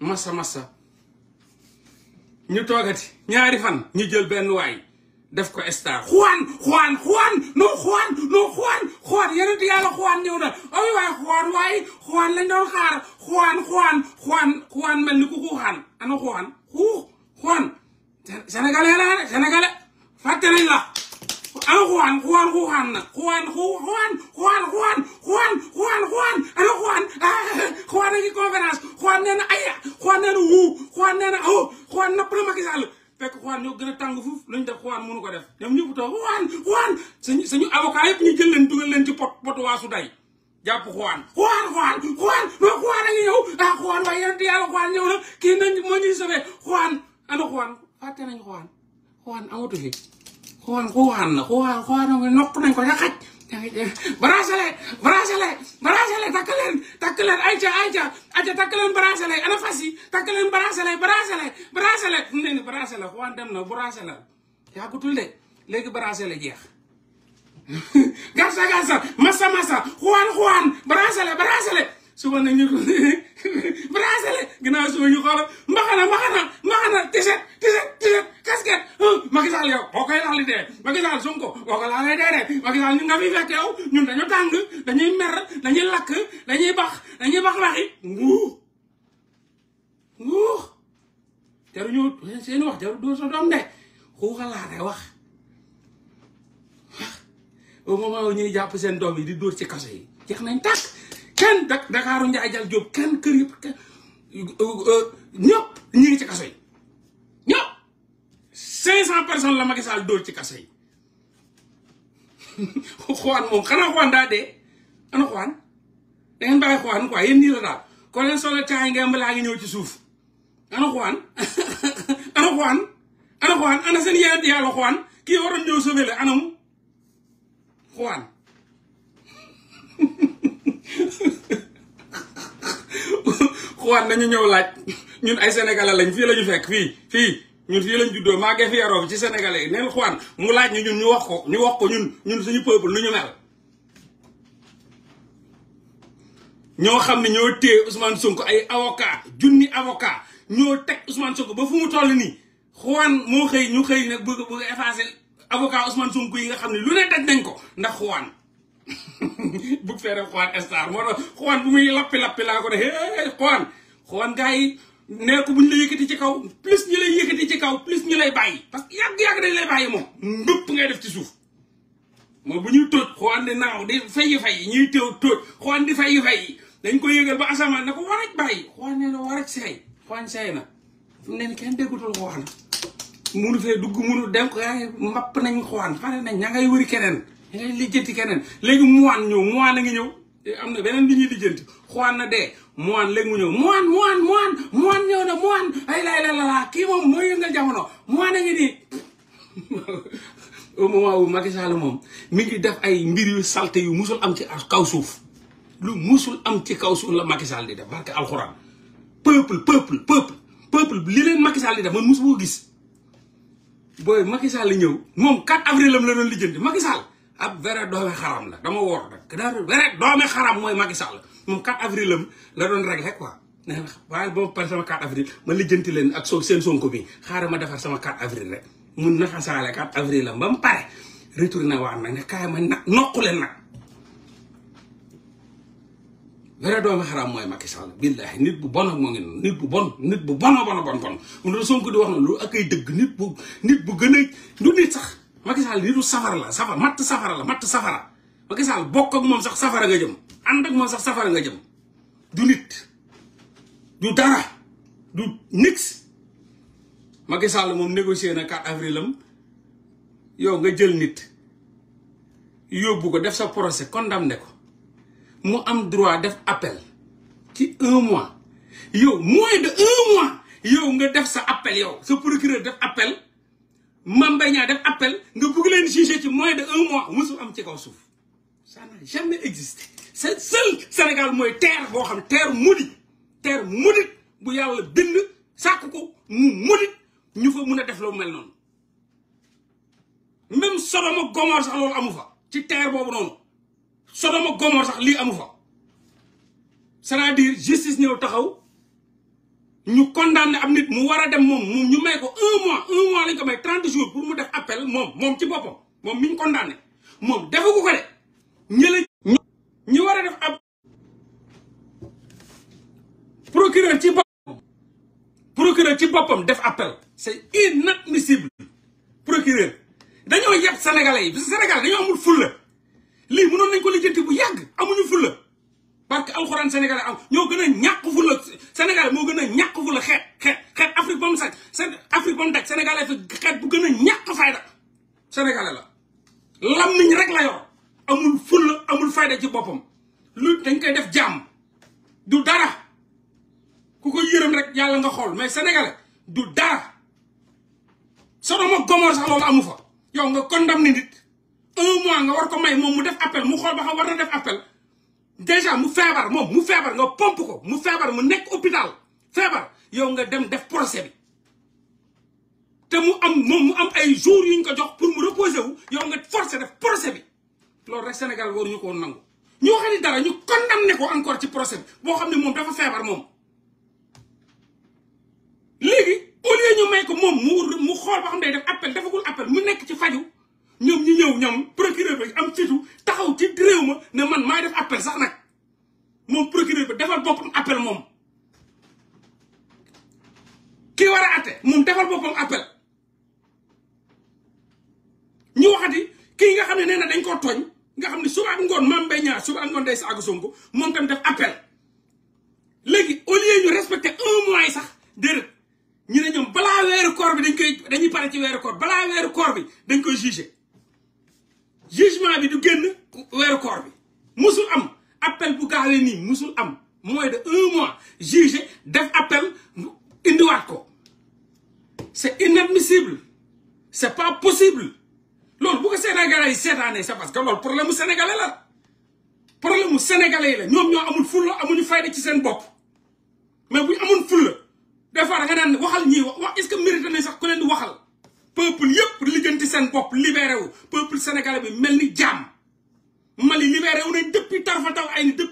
massa massa ñu toogati ñaari fan ñu jël benn waay def ko star xuwaan xuwaan xuwaan non xuwaan non xuwaan xuwaan yeneen yàlla xuwaan ñëw na ay waay xuwaan waay xuwaan lañ doon xaar xuwaan xuwaan xuwaan xuwaan mel ni ku xuuxaan ana la Ano Juan, Juan, Juan, Juan, Juan, Juan, Juan, Juan, Juan, Juan, ano Juan, a ngi conférence Juan nee napp na Macky Sall fekk Juan ñoo gën a tàng fuuf lañ def Juan mënu ko def ñoom ñëpp toog Juan Juan sañu sañu avocat ñu jël leen ci pot pot waasu day jàpp Juan Juan a ngi ñëw ah Juan waaye ñuy sauvé Juan ano Juan fàtte nañ Juan Juan amatu fi xoolaan xoolaan la xoolaan xoolaan nañ ko ca xaj bracelet bracelet bracelet takk leen takk ay ayca ayca ayca leen bracelet ana fas yi takk leen bracelet bracelet bracelet mu ne ni bracelet xoolaan dem na bracelet yaa ko tul de léegi bracelet jeex garsa garsa massa massa xoolaan xoolaan bracelet bracelet suba nag ñu bracelet ginnaaw suba ñu xoolal mbaxana mbaxana mbaxana tiset tiset tiset casquette Macky yow boo koy laal li dee Macky Sall Sonko boo ko dee de ñu nga fi fekk yow ñun dañu tàng dañuy mer dañuy lakk dañuy bax dañuy bax waxi nguux nguux jaruñu seen wax jaru doo sa doom de xuuxalaate wax au moment où ñuy jàpp seen doom yi di dóor ci kaso yi jeex nañ tàkk kenn Dakaaru Njaay Jal Jóob kenn kër yëpp euh, euh, ñëpp ñu ngi ci kaso yi ñëpp cinq cent personnes la Macky Sall dóor ci kaso yi xawaan moom xanaa xawaan daa dee ana xawaan da ngeen bàyyi xawaan ko ci suuf ana xawaan ana xawaan ana xawaan ana seen yàlla yàlla xawaan kii waroon ñëw sauver la anam xuwaat nañu ñëw laaj ñun ay sénégalais lañ fii la ñu fekk fii fii ñun fii lañ juddoo maa ngi fi ci sénégalais yi neen xuwaat mu laaj ñu ñun ñu wax ko ñu wax ko ñun ñun suñu peuple nu ñu mel. ñoo xam ne ñoo téye Ousmane Sonko ay avocat junni avocat ñoo teg Ousmane Sonko ba fu mu toll nii xuwaan moo xëy ñu xëy nag bëgg bëgg effacer avocat Ousmane Sonko yi nga xam ne lu ne daj nañ ko ndax xuwaan. bug fee def Juan Star moo tax Juan bu muy lappi lappi laa ko de hey Juan Juan gars yi nee bu ñu la yëkkati ci kaw plus ñu lay ci kaw plus ñu lay bàyyi parce que yàgg-yàgg dañ lay bàyyi moom mbëpp ngay def ci suuf moom bu ñuy tóoj Juan di naaw di fay fay ñuy teew tóoj Juan di fay fay dañ ko yëgal ba asamaan na ko war a bàyyi Juan nee na war a seey Juan seey na fu mu kenn déggutul Juan munu fee dugg munu dem ko mbapp nañ Juan pare nañ ña ngay keneen dangay lijjanti keneen léegi muwaan ñëw muwaan a ngi ñëw eh, am na beneen bi ñuy lijjanti xuwaan na dee muwaan léegi mu ñëw muwaan muwaan muwaan muwaan ñëw na muwaan ay laay la la kii moom mooy yëngal jamono muwaan a ngi nii au moment où Macky Sall moom mi ngi def ay mbir yu salte yu musul am ci kaw suuf lu musul am ci kaw suuf la Macky Sall di def barke alxuraan peuple peuple peuple peuple li leen Macky Sall di def man musu koo gis booy Macky Sall ñëw moom 4 avril am la doon lijjanti Macky Sall ab vrai doomi xaram la dama woor nag daa vrai doomi xaram mooy Macky Sall moom 4 avril la doon réglé quoi nee na waaye ba ma pare sama 4 avril soo seen sonko bi xaaral ma defar sama 4 avril rek mun naxasaale 4 ba mu pare retourné waat nag ne kaay ma nag noqu leen nag vrai doomi xaram mooy Macky Sall billahi nit bu bon ak moo ngi noonu nit bu bon nit bu bon a bon a bon bon mun na sonko di wax na lu ak dëgg nit bu nit bu gën a nit sax Macky Sall nitu safara la safara matt safara la matt safara Macky Sall bokk ak moom sax safara nga jëm ànd ak moom sax safara nga jëm du nit du dara du nix Macky Sall moom négocier na 4 avril am yow nga jël nit yóbbu ko def sa procès condamné ko mu am droit def appel ci un mois yow moins de un mois yow nga def sa appel yow sa procureur def appel Mame Mbaye ñaa def appel nga bëgg leen juger ci moins de un mois musul am ci kaw suuf ça n'a jamais existé c'est seul Sénégal mooy terre boo xam terre maudite terre maudite bu yàlla bind sàkk ko mu maudite ñu fa mun a def lu mel noonu même Sodoma Gomor sax loolu amu fa ci terre boobu noonu Sodoma Gomor sax lii amu fa c'est-à-dire justice ñëw taxaw ñu condamné am nit mu war a dem moom ñu may ko un mois un mois lañ ko may trente jours pour mu def appel moom moom ci boppam moom mi ñu condamné moom defu ko ko de ñële ñu war a def ab procureur ci boppam procureur ci boppam def appel c'est inadmissible procureur dañoo yeb sénégalais senegal parce que sénégal dañoo amul fulla lii mënoon nañ ko lijjanti bu yàgg amuñu fulla parce que alxuraan sénégalais am ñoo gën a ñàkk fu la moo gën a ñàkk fu la xeet xeet xeet Afrique ba mu sax Afrique ba mu daj sénégalais fi xeet bu gën a ñàkk fayda la lam rek la amul fulla amul fayda ci boppam lu dañ koy def jàmm du dara ku ko yërëm rek yàlla nga xool mais sénégalais du dara sonoma gomoor sax loolu amu fa yow nga condamné nit un mois nga war moom mu def appel mu xool ba xam war na def appel déjà mu feebar moom mu feebar nga pomp ko mu feebar mu nekk hôpital feebar yow nga dem def procès bi te mu am moom mu am ay jours yu ñu ko jox pour mu reposer wu yow nga forcé def procès bi loolu rek Sénégal waruñu ko nangu ñoo xam ne dara ñu condamné ko encore ci procès bi boo xam ne moom dafa feebar moom. léegi au lieu ñu may ko moom mu mu xool boo xam ne def appel defagul appel mu nekk ci faju ñoom ñu ñëw ñoom procureur bi am fitu taxaw ci réew ma ne man maay def appel sax defal boppam appel ñu waxati kii nga xam ne nee na dañ koo tooñ nga xam ne suba ak ngoon maam bay ñaar suba ak ngoon day saaga Sonko moom tam def appel léegi au lieu ñu respecter un mois yi sax déedéet ñu ne ñoom balaa weeru koor bi dañ koy dañuy pare ci weeru koor bi dañ koy jugé jugement bi du génn weeru koor bi musul am appel bu gaawee nii musul am moins de un mois jugé def appel possible c'est pas possible loolu bu ko sénégalais yi seetaanee c'est parce que loolu problème mu sénégalais la problème mu sénégalais yi la ñoom ñoo amul fulla amuñu fayda ci seen bopp mais bu ñu amoon fulla des fois da nga naan waxal ñii wax est que mérité nañ sax ku leen di waxal peuple yëpp ci seen bopp libéré wu peuple sénégalais bi mel ni jaam Mali libéré wu nañ depuis tarfa taw ay ni def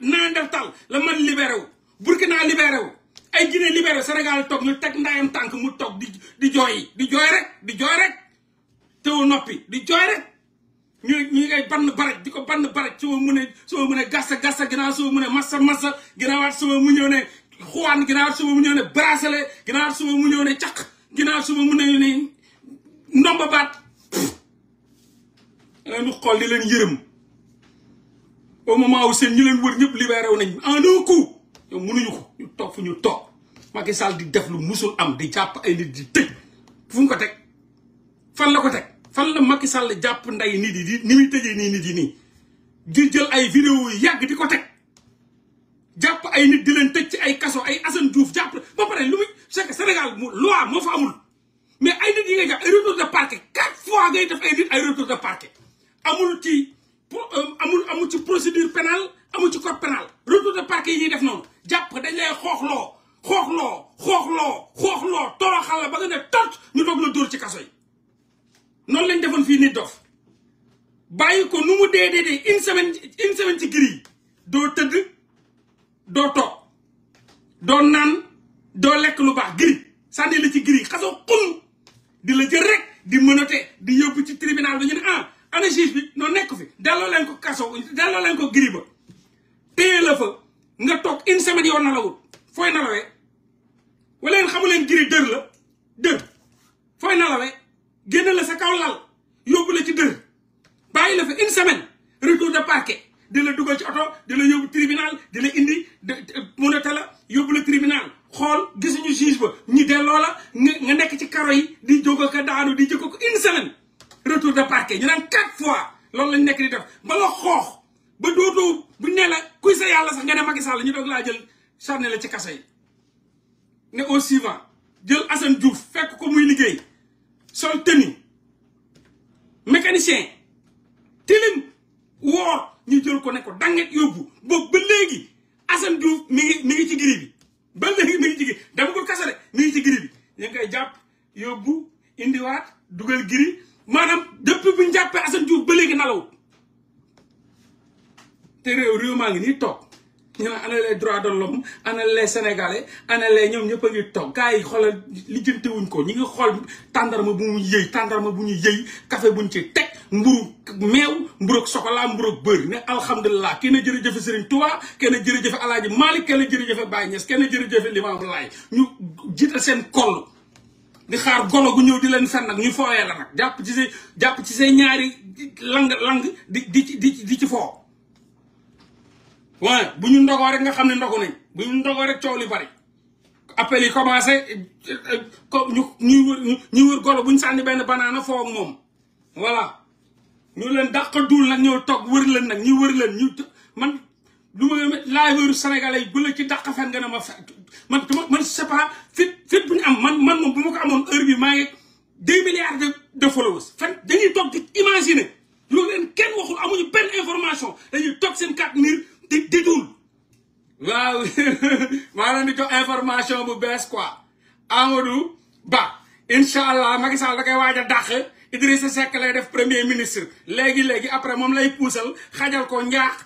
Naandertal la Mali libéré wu Burkina libéré wu ay Guinée libéré Sénégal toog ñu teg ndayam tànk mu toog di di jooy di jooy rek di jooy rek teewu noppi di jooy rek ñu ñu ngay bann baraj di ko bann baraj soo mu a soo mën a gassa gassa ginnaaw soo mën a massa massa ginnaawaat mu ñëw ne xuwaan ginnaawaat soo mu ñëw ne bracelet ginnaawaat soo mu ñëw ne caq ginnaawaat soo mu ñëw ne ndomba baat leen xool di leen yërëm au moment où seen ñu leen wër ñëpp libéré wu nañ en un coup ñoom mënuñu ko ñu toog fu ñu toog Macky Sall di def lu musul am di jàpp ay nit di tëj fu ko teg fan la ko teg fan la Macky Sall jàpp nday nit yi di ni muy tëjee nii nit nii di jël ay vidéo yàgg di ko teg jàpp ay nit di leen tëj ci ay kaso ay Assane Diouf jàpp ba pare lu muy c'est Sénégal mu loi moo fa amul mais ay nit yi ngay jàpp ay retour de parquet quatre fois ngay def ay nit ay retour de parquet amul ci euh, amul amul ci procédure pénale amul ci code pénal retour de park yi ñuy def noonu jàpp dañ lay xoox xooxloo xooxloo xooxloo xooxloo toroxal la ba nga ne tot ñu doog la dóor ci kaso yi noonu lañ defoon fii nit dof bàyyi ko nu mu dee dee dee une semaine une semaine ci giri doo tëdd doo toog doo naan doo lekk lu baax giri sànni la ci giri xasoo xun di la jël rek di mënate di yóbbu ci tribunal bi ñu ne ah ana juge bi noo nekk fi delloo leen ko kaso delloo leen ko giri ba téye la fa nga toog une semaine yoo nalawut fooy nalawee wala yéen xamu leen giri dër la dër fooy nalawee génn la sa kaw lal yóbbu la ci dër bàyyi la fa une semaine retour de parquet di la dugal ci oto di la yóbbu tribunal di la indi munata la yóbbu la tribunal xool gis gisuñu juge ba ñu delloo la nga nekk ci karo yi di jóg ko daanu di jëkk ko une semaine retour de parquet ñu naan quatre fois loolu lañ nekk di def ba la xoox ba dootoo bu ne la kuy sa yàlla sax nga ne Macky Sall ñu doog laa jël sànni la ci kaso yi ne au suivant jël Assane Diouf fekk ko muy liggéey sol tenue mécanicien tilim woor ñu jël ko ne ko danget yóbbu boobu ba léegi Assane Diouf mi ngi mi ngi ci giri bi ba léegi mi ngi ci giri dama ko kasare mi ngi ci giri bi ñu ngi koy jàpp yóbbu indiwaat dugal giri maanaam depuis bu ñu jàppee Assane Diouf ba léegi nalaw te réew réew maa ngi nii toog ñu ne ana les droits de l'homme ana les sénégalais ana les ñoom ñëpp a ngi toog gars yi xoolal lijjantiwuñ ko ñu ngi xool tàndarma bu mu yëy tàndarma bu ñu yëy bu ñu ci teg mburu meew mburu ak sokolaa mburu ak bëri ne alhamdulilah kenn jërëjëfe Serigne Touba kenn jërëjëfe Alaaji Malick kenn jërëjëfe Baye Niass kenn jërëjëfe Limaamu Laay ñu jital seen koll di xaar golo gu ñëw di leen fen nag ñu fooyee la nag jàpp ci say jàpp ci see ñaari lang lang di di di di ci foo waaye bu ñu ndogoo rek nga xam ne ndogu nañ bu ñu ndogoo rek coow li bari appel yi ko euh, euh, ñu ñuy wër ñuy wër golo bu ñu sànni benn banaana foo moom voilà ñu leen dàq duul nag ñoo toog wër leen nag ñu wër leen ñu man lu ma laay wëru sénégalais yi bu la ci dàq fen nga ne ma man man c'est pas fit fit bu ñu am man man moom bu ma ko amoon heure bi maa ngi deux milliards de followers fen dañuy toog di imaginer maa leen di information bu bees quoi Amadou Ba incha allah Macky Sall da koy waaj a dàq Idrissa Seck lay def premier ministre léegi léegi après moom lay puusal xajal ko ñaax.